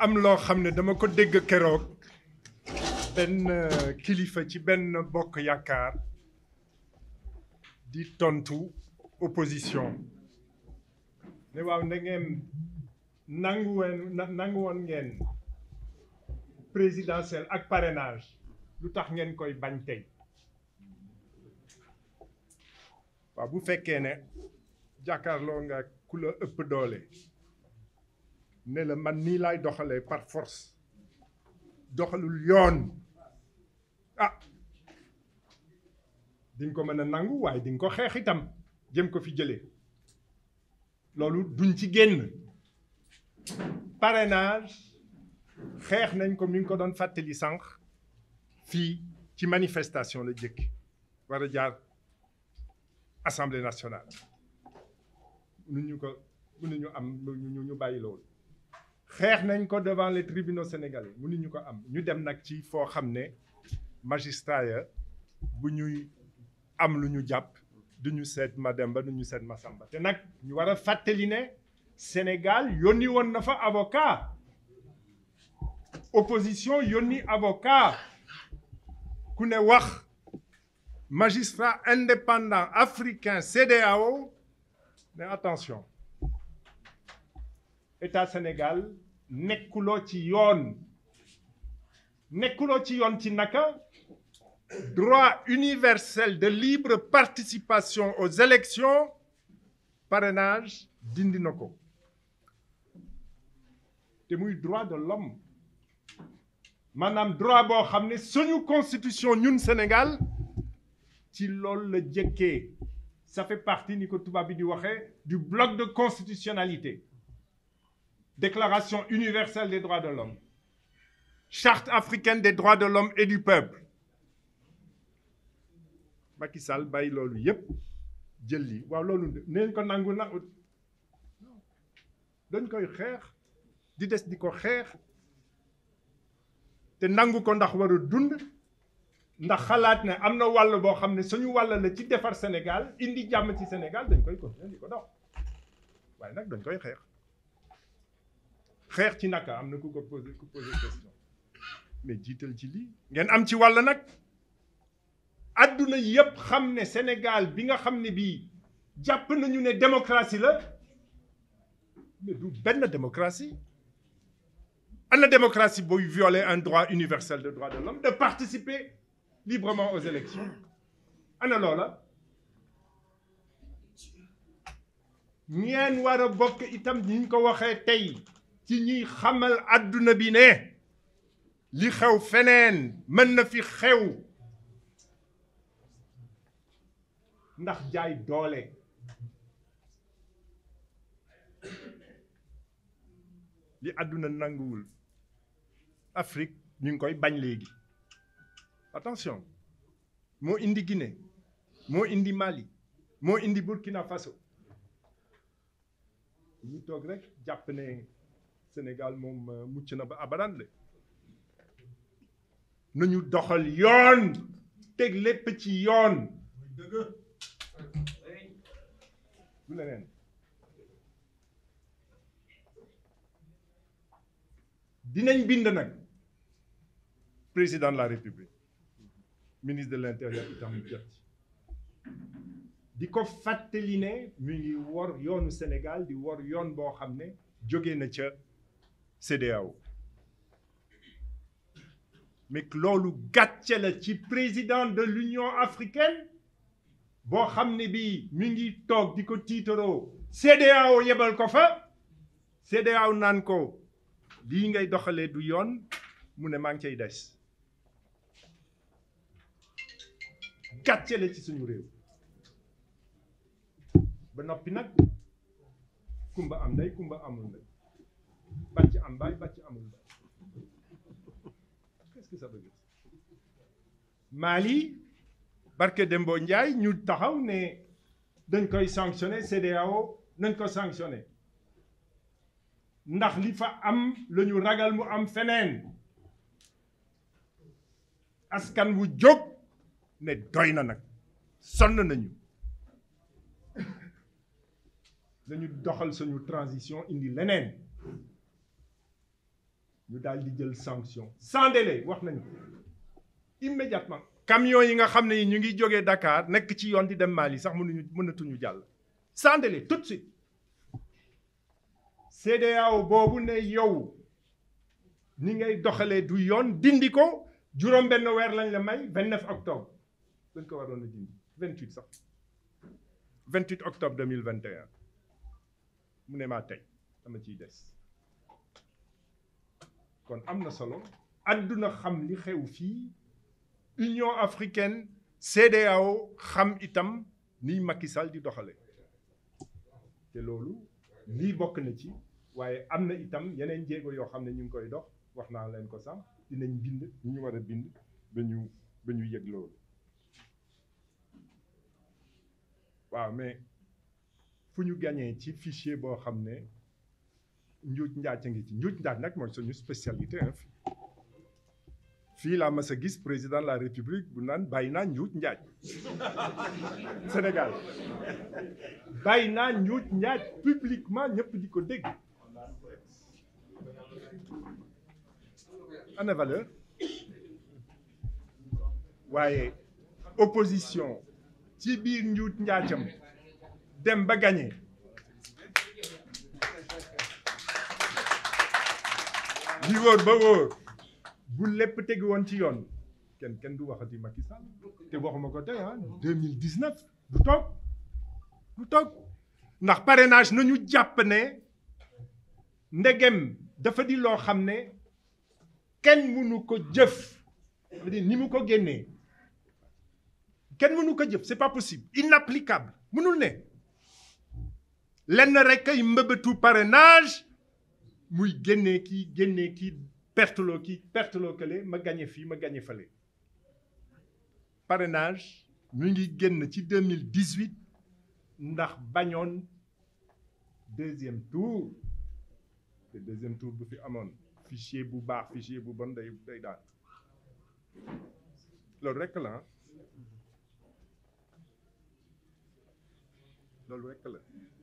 am loo xam ne dama ko dégg keroog benn euh, kilifa ci benn bokk yaakaar di tontu opposition ne waaw na ngeen nanguween nanguwoon ngeen présidentielle ak parenage lu tax ngeen koy bañ tey waaw bu fekkee ne jàkkaarloo nga ku la ëpp doole ne la man nii laay doxalee par force doxalul yoon ah di ko mën a nangu waaye di ko xeex itam jëm ko fi jële loolu duñ ci génn parrainage xeex nañ ko mi ngi ko doon fàttali sànq fii ci manifestation la jëkk war a jaar assemblée nationale ñu ko mënuñu am ñu ñu bàyyi loolu xeex nañ ko devant les tribunaux sénégalais mënuñu ko am ñu dem nag ci foo xam ne magistrat bu ñuy am lu ñu jàpp du ñu seet Mademba du ñu set Masamba te nag ñu war a fàttali ne Sénégal yónni woon na fa avocat opposition yónni avocat ku ne wax magistrat indépendant africain CEDEAO mais attention État Sénégal nekkuloo ci yoon nekkuloo ci yoon ci naka droit universel de libre participation aux élections parrainage dindi na ko te muy droit de l'homme maanaam droit boo xam ne suñu constitution ñun Sénégal ci loolu la jëkkee ça fait partie ni ko tubaab bi di waxee du bloc de constitutionnalité Déclaration universelle des droits de l'homme, Charte africaine des droits de l'homme et du peuple Macky Sall loolu yépp jël lii waaw loolu neen ko nangu na dañ koy xeex di des di ko xeex te nangu ko ndax waru dund ndax xalaat ne am na wàll boo xam ne suñu wall la ci defar Sénégal indi jàmm ci Sénégal dañ koy continuer di ko dox waaye nag dañ koy xeex xeex ci naka am na ku ko posé ku posé question mais jiital ci lii ngeen am ci wàll nag adduna yépp xam ne Sénégal bi nga xam ne bii jàpp nañu ne démocratie la mais du benn démocratie ana démocratie booy violer un droit universel de droit de l'homme de participer librement aux élections ana loola ñeen war a itam ni ko waxee tey ci ñuy xamal àdduna bi ne li xew feneen mën na fi xew ndax jaay doole li àdduna nanguwul Afrique ñu ngi koy bañ léegi attention moo indi Guinée moo indi Mali moo indi Burkina Faso ñu toog rek jàpp ne Sénégal moom euh, mucc na ba abadan la nañu doxal yoon teg lépp ci yoon du dinañ bind nag président de la république ministre de l'intérieur itam jot di ko fàttali ne mu ngi wor yoonu Sénégal di wor yoon boo xam ne jóge na ca CEDEAO mais loolu gàcce la ci président de l'Union africaine boo xam ne bii mu ngi toog di ko tiitaroo CEDEAO yebal ko fa CEDEAO naan ko lii ngay doxalee du yoon mu ne maa ngi cay des gàcce la ci suñu réew ba noppi nag kumba am ndey kumba amul ndey bàcc am baay bàcc amul baay qu'est-ce que ça veut dire Mali barke Dembo Ndiaye ñu taxaw ne dañ koy sanctionné CEDEAO nañ ko sanctionné ndax li fa am lañu ragal mu am feneen askan wu jóg ne doy na nag sonn nañu dañu doxal suñu transition indi leneen ñu daal di jël sanction sandele délai wax nañu immédiatement camion yi nga xam ne ñu ngi jógee dakaar nekk ci yoon di dem maal yi sax mënuñu mënatuñu jàll sandele délai tout de boobu ne yow ni ngay doxalee du yoon dindi ko juróom benn weer lañ la may 29 octobre dañ ko waroon a dindi 28 sax 28 octobre 2021 mu ne maa tey dama ciy des kon am na solo àdduna xam li xew fii Union africaine CEDEAO xam itam ni Macky Sall di doxale te loolu lii bokk na ci waaye am na itam yeneen jéego yoo xam ne ñu ngi koy dox wax naa leen ko sànq dinañ bind ñu ñu war a bind ba ñu ba ñu yëg loolu waaw mais fu ñu gañee ci fichier boo xam ne njuuj njaaj a ngi ci njuuj njaaj nag mooy suñu spécialité hein fii fii laa mas gis président la république bu naan bàyyi naa njuuj njaaj Sénégal bàyyi naa njuuj njaaj publiquement ñëpp di ko dégg ana valeur waaye opposition ci biir njuuj njaajam dem ba gagné li wóor ba wóor bu lépp tegu woon ci yoon kenn kenn du waxati Macky Sall te waxuma ko tey ah du toog du toog ndax parrainage nañu jàpp ne ndegem dafa di loo xam ne kenn mënu ko jëf ni mu ko génnee kenn mënu ko jëf c'est pas possible inapplicable mënul ne lenn rek ay mbëbëtu parrainage muy génnee kii génne kii perteloo kii perteloo kële ma gañe fii ma gañe fële parrainage ñu ngi génn ci 2018 ndax bañoon deuxième tour te deuxième tour bu fi amoon fichier bu baax fichier bu bon day day daal loolu rekk la loolu rekk la